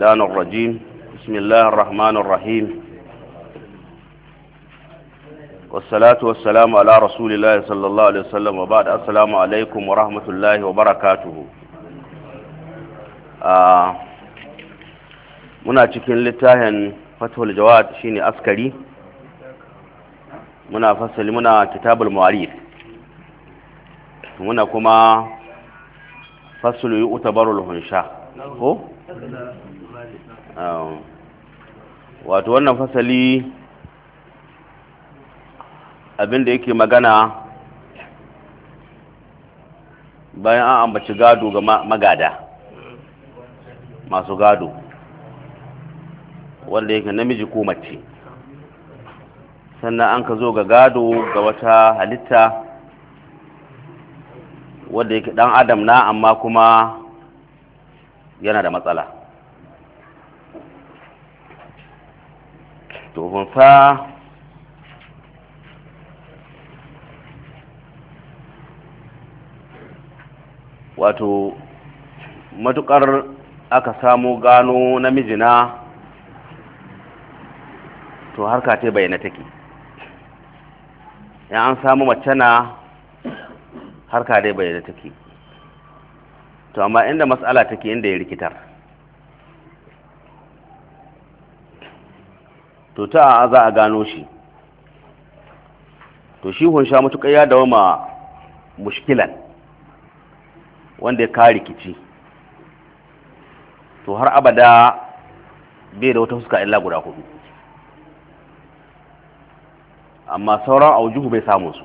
الشيطان الرجيم بسم الله الرحمن الرحيم والصلاة والسلام على رسول الله صلى الله عليه وسلم وبعد السلام عليكم ورحمة الله وبركاته muna cikin littafin fathul jawad shine askari muna fasali muna kitabul mu'arif muna kuma fasulu yu'tabarul hunsha ko Um, wato wannan fasali abinda yake magana bayan an ambaci gado ga magada masu gado wanda yake namiji ko mace sannan an ka zo ga gado ga wata halitta wadda yake dan adam na amma kuma yana da matsala to fa wato matukar aka samu gano namijina to harka ta bayyana take ya an samu mace na harka dai bayyana take to amma inda matsala take inda ya rikitar to ta za a gano shi to shi sha matuƙar ya dawo ma mushkilan wanda ya kare rikici to har abada bai da wata fuska illa guda hudu amma sauran aujuhu bai samun su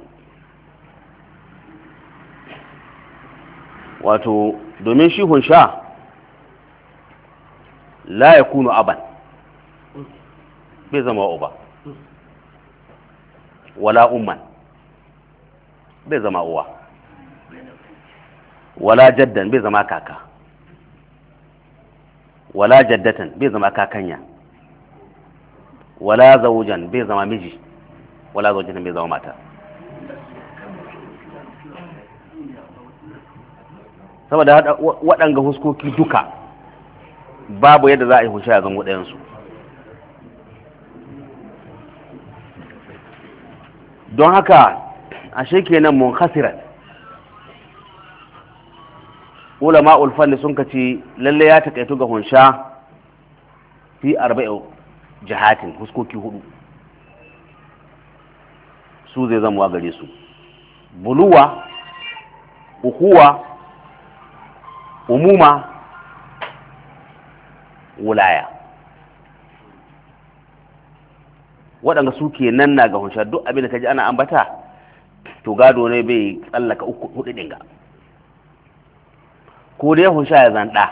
wato domin shi hunsha la ya kunu aban bai zama uba wala umman bai zama uwa wala jaddan bai zama kaka wala jaddatan bai zama kakanya wala zawujan bai zama miji wala zawujan bai zama mata saboda waɗanga huskoki duka babu yadda za a yi hushe a zango ɗayansu don haka ashe kenan munkhasiran ulama ulfanni sun kace lalle ya takaitu ga hunsha fi arba'in jihatin huskoki hudu su zai zama gare su buluwa ukuwa umuma wulaya waɗanda su ke nan na ga hunsha duk abin da ka ji ana ambata to gado ne bai tsallaka uku hudu dinga ko dai hunsha ya zan ɗa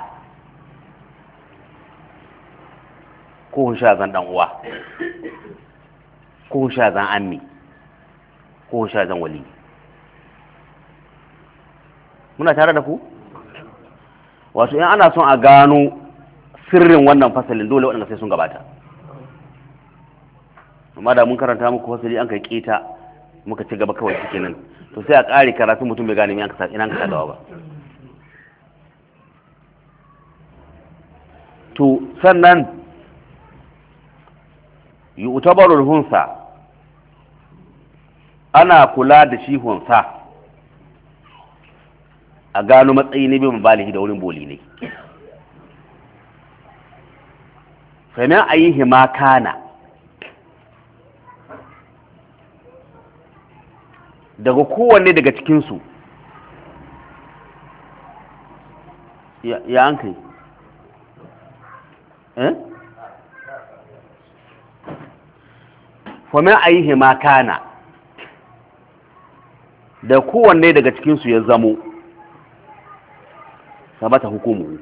ko hunsha ya zan ɗan uwa ko hunsha ya zan ammi ko hunsha ya zan wali muna tare da ku wato in ana son a gano sirrin wannan fasalin dole waɗanda sai sun gabata amma da mun karanta muku wasali an kai keta muka ci gaba kawai cikin nan to sai a ƙari karatu mutum bai gane me aka ina ka ba to sannan yu'tabarul hunsa ana kula da shi hunsa a gano matsayi ne bai balihi da wurin boli ne sannan a yi himaka kana daga kowanne daga cikinsu ya an kai eh famin ayihe ma kana da kowanne daga cikinsu ya zamo sabata hukumu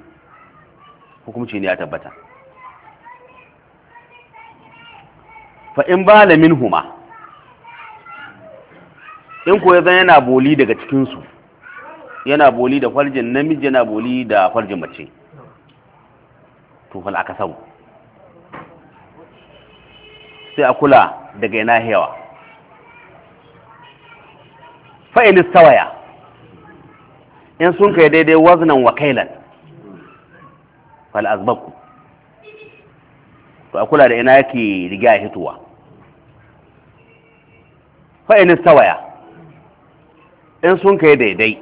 hukumci ne ya tabbata fa'in ba da min in ko zan yana boli daga cikinsu yana boli da farjin namiji yana boli da farjin mace to fal aka samu sai a kula daga yana hewa fa'ilis tawaya in sun kai daidai waznan wakailan fal azbaku to a kula da ina yake riga ya hituwa fa'ilis tawaya in sun kai daidai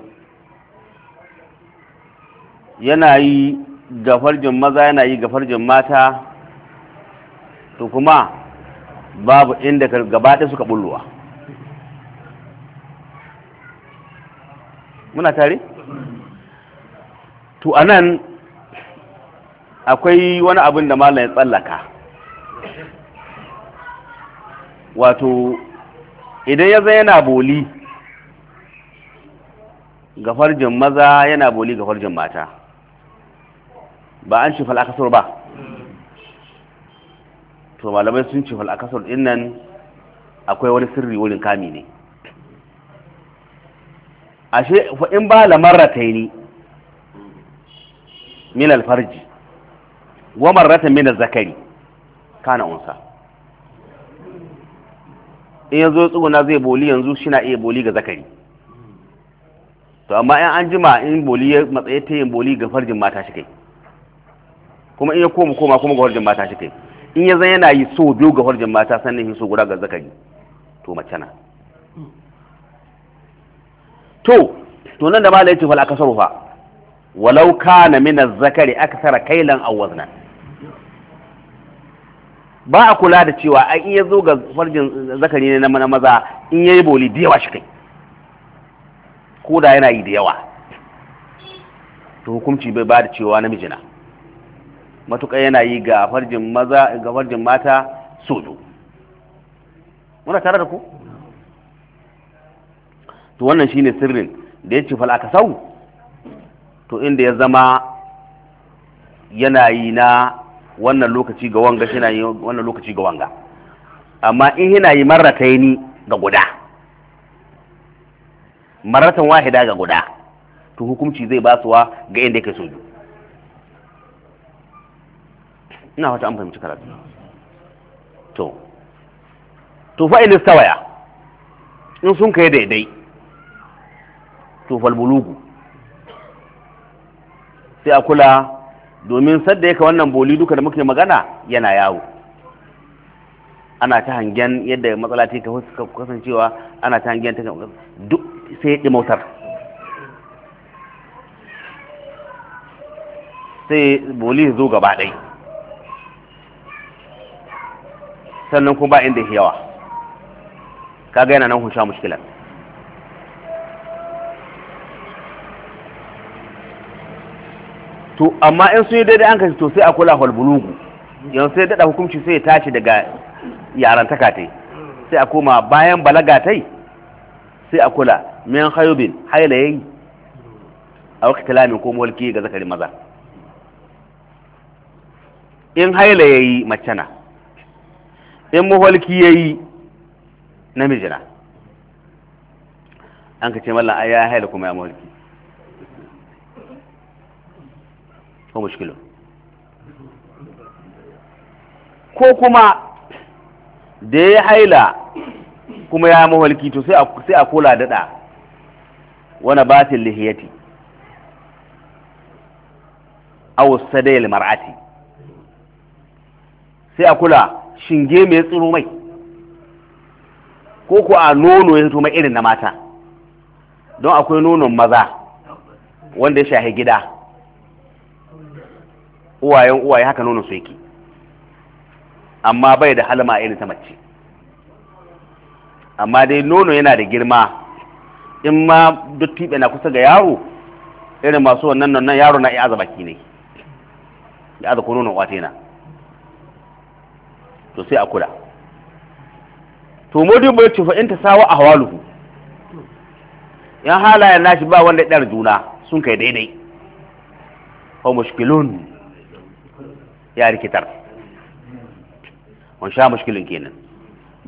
yana yi ga farjin maza yana yi ga farjin mata to kuma babu inda gabaɗe suka bulluwa muna tare? to anan akwai wani abin da malam ya tsallaka wato idan ya zai yana boli ga farjin maza yana boli ga farjin mata ba an ce fal'akasar ba to malamai sun ce fal'akasar din nan akwai wani sirri wurin kami ne ashe in ba yi ni min alfarji wa marratan min zakari kana unsa in yanzu tsuguna zai boli yanzu shi na iya boli ga zakari to amma in an jima in boli ya matsaye ta yin boli ga farjin mata shi kai kuma in ya koma koma kuma ga farjin mata shi kai in ya zan yana yi so biyu ga farjin mata sannan yi so guda ga zakari to mace na to to nan da malai ce fal akasaru fa walau kana min Zakari zakari aksara kailan a wazna ba a kula da cewa in ya zo ga farjin zakari ne na maza in ya yi boli da yawa shi kai ko da yana yi da yawa to hukumci bai bada cewa namiji na matuƙa yana yi ga farjin maza ga farjin mata sojo muna tare da ku to wannan shine sirrin da ya ce fal akasau to inda ya zama yana yi na wannan lokaci ga wanga shi na yi wannan lokaci ga wanga amma in yana yi marrataini ga guda maratan wahida ga guda to hukumci zai ba suwa ga inda yake soju ina wata an fahimci karatu to to fa in stawaya in sun kai daidai to fal bulugu sai a kula domin sadda yake wannan boli duka da muke magana yana yawo ana ta hangen yadda matsala ta kasancewa ana ta hangen ta duk sai ya ɗimautar sai boli zo gaba ɗai sannan kuma ba inda yawa kaga yana nan hunsha mushkilar to amma in sun yi daidai an kashi to sai a kula halbulugu yanzu sai daɗa hukunci sai ya tashi daga yaran takatai sai a koma bayan balaga sai a kula min hayubin haila yayi a wakil talamin ko mulki ga zakari maza in haila yayi macana in mulki ya yi na an ka ce mallan a ya haila kuma ya mulki ko mushkilo ko kuma da ya haila kuma ya mawalki to sai a kula daɗa wani batin lihiyati aw sadayil mar'ati sai a kula shinge mai tsiro mai ko ko a nono ya fito mai irin na mata don akwai nonon maza wanda ya shahi gida uwayen uwaye haka nonon su yake amma bai da halma irin ta mace amma dai nono yana da girma in ma duk tiɓe na kusa ga yaro irin masu wannan nan yaro na iya aza baki ne ya aza ko nono wata na to sai a kula to modin bai ce in ta sawa a hawaluhu yan halayen nashi ba wanda ɗar juna sun kai daidai wa mushkilun ya rikitar wani sha mushkilin kenan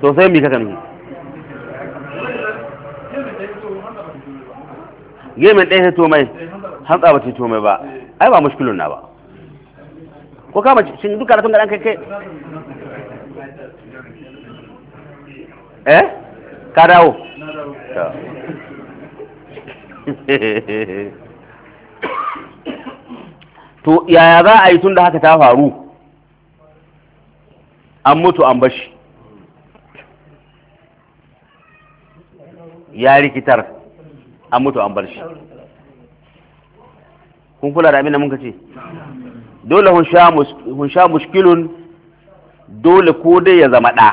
to sai mi kaka nufi gemin ɗaya to mai hantsa ba ta mai ba ai ba mushkilun na ba ko kama shin duka da tun ga kai kai eh ka dawo to yaya za a yi tun da haka ta faru an mutu an bashi ya rikitar an mutu an bar shi kun kula da abinda ka ce dole hun sha mushkilun dole ko dai ya zama ɗa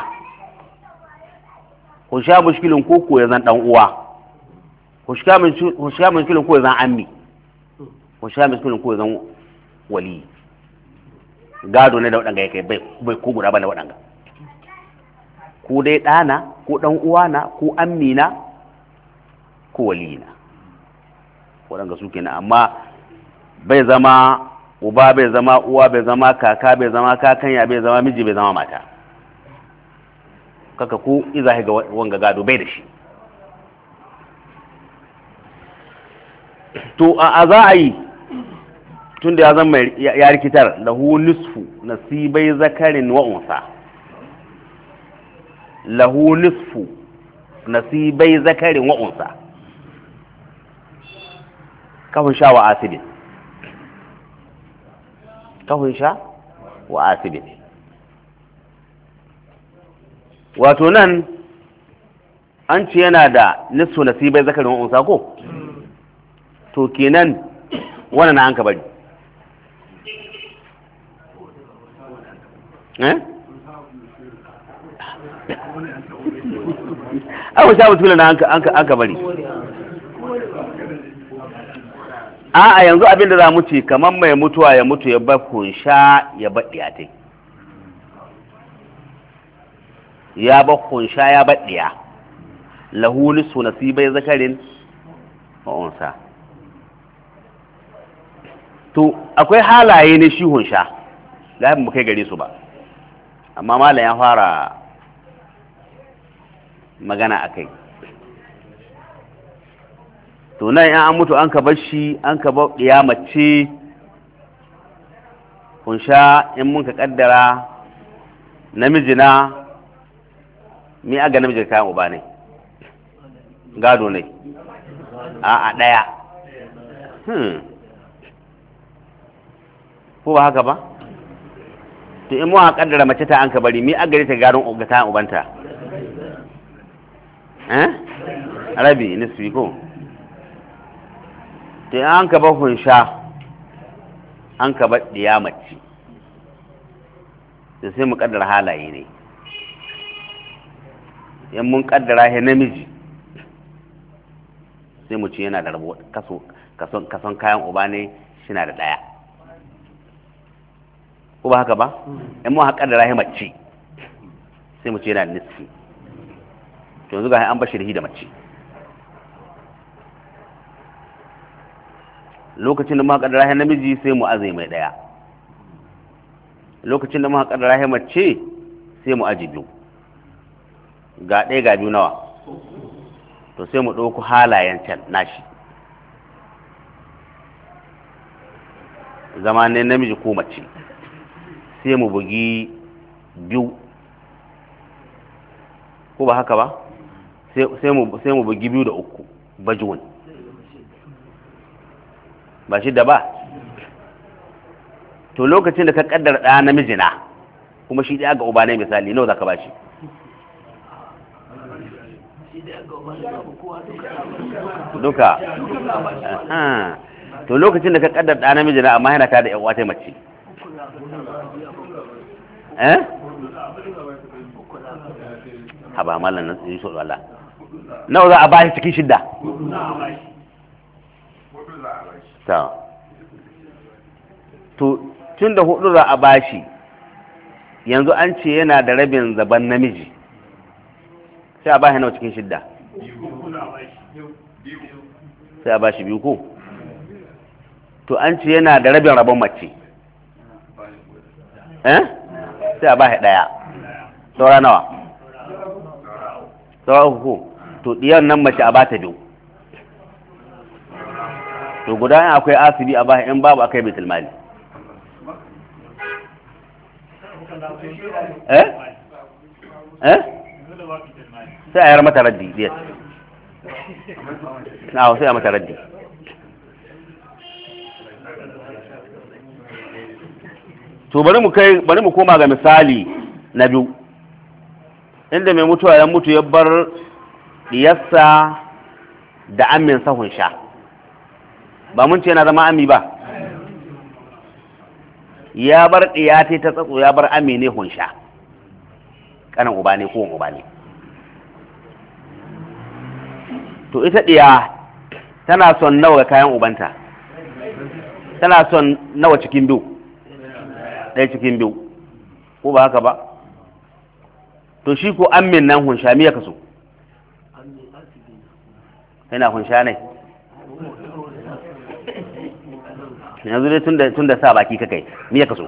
hun sha mushkilun ko ko ya zan ɗan uwa hun sha mushkilun ko ya zan ammi hun sha mushkilun ko ya zan wali gado ne da waɗanga ya kai bai ko guda ba da waɗanga ko dai ɗana ko ɗan uwana ko ammi na ko waliyina waɗanda su kenan amma bai zama uba bai zama uwa bai zama kaka bai zama kakanya bai zama miji bai zama mata kaka ku iza ga wanga gado bai da shi to a za a yi tun da ya zama ya rikitar lahu nisfu nasibai zakarin wa'unsa lahu nisfu nasibai zakarin wa'unsa kafin sha wa asibin kafin sha wa asibin wato nan an ce yana da nisfu nasibai zakarin unsa ko to kenan wani na an ka bari eh abu sha mutula na an ka bari a'a yanzu abin da za mu ci kamar mai mutuwa ya mutu ya ba kunsha ya baɗi a ya ba kunsha ya baɗiya lahuni su nasibai zakarin ma'unsa to akwai halaye ne shi hunsha da mu kai gare su ba amma malam ya fara magana a kai to nan in an mutu an ka bar shi an ka bar kiyamace kunsha in mun ka kaddara namiji na mi aga namiji kayan uba ne gado ne a a daya hmm. ko ba haka ba to in mun ka kaddara mace ta an ka bari mi aga ta ga kayan ubanta eh rabi nisfi ko to in an ka ba hunsha an ka ba ɗiyamaci da sai mu kaddara halaye ne in mun kaddara ya namiji sai mu ce yana da rabo kaso kason kayan uba ne shi na da ɗaya ko ba haka ba in mun haƙa da rahi mace sai mu ce yana da niski to yanzu ga an bashi da mace lokacin da muka rahe namiji sai mu azai mai daya lokacin da muka rahe mace sai mu aji biyu ga ɗaya ga biyu nawa to sai mu ɗauko halayen can nashi zama ne namiji ko mace sai mu bugi biyu ko ba haka ba sai mu bugi biyu da uku bajiwani ba shi da ba to lokacin da ka kaddara ɗaya namiji na kuma shi ɗaya ga uba ne misali nawa za ka ba shi duka to lokacin da ka kaddara ɗaya namiji na amma yana ta da yawa ta mace eh ba mallan nan yi so Allah nawa za a ba shi cikin shidda ta to tun da hudu a bashi yanzu an ce yana da rabin zaban namiji sai a bashi nawa cikin shidda sai a bashi biyu ko to an ce yana da rabin rabon mace eh sai a bashi daya saura nawa saura uku to diyan nan mace a bata biyu to guda yin akwai asibi a bayan yan babu akai mai tilmali eh eh sai a yar mata raddi yes na sai a mata raddi to bari mu kai bari mu koma ga misali na biyu inda mai mutuwa ya mutu ya bar yassa da amin sahun sha ba mun ce yana zama ami ba ya bar ɗiyate ta tsatso ya bar ami ne hunsha kanan uba ne kowane uba ne to ita ɗiya tana son nawa ga kayan ubanta tana son nawa cikin biyu ɗaya cikin biyu ko ba haka ba to shi ko amin nan hunsha miya kaso yana hunsha ne yanzu ne tun da sa baki kakai miya ya kaso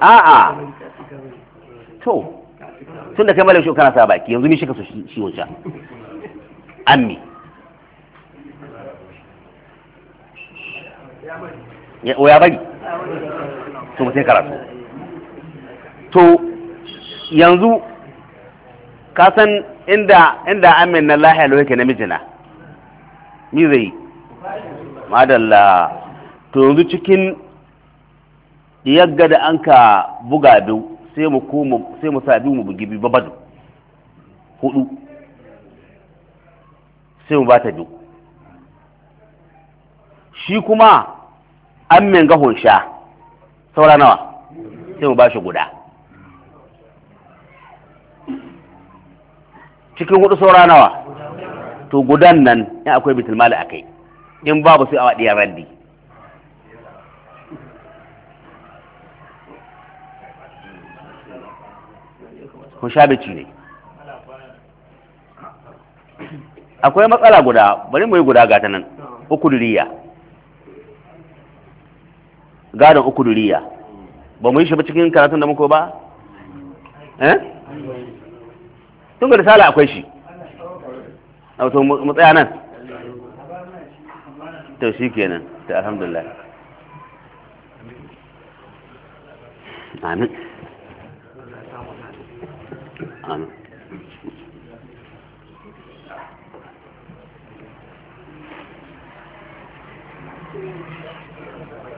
a'a to tun da kai malam shekara sa baki yanzu me shi kaso shi wancan ammi o ya bari to sai karatu to yanzu ka san inda inda amin na lahiya lo na mijina ni zai madalla to yanzu cikin yagga da an ka buga biyu sai mu koma sai mu sa biyu mu bugi biyu babadu hudu sai mu bata biyu shi kuma an min gahon sha saura nawa sai mu bashi guda cikin hudu saura nawa to gudan nan in akwai bitul mali akai in babu sai a wadi raddi ko shabici ne akwai matsala guda bari mu yi guda gata nan ukuduriya gadon duriya ba mu yi shi ba cikin karatun da muka ba eh tun ga risala akwai shi أو ثم مطيعنا توشيك أنا الحمد لله آمين آمين Thank you.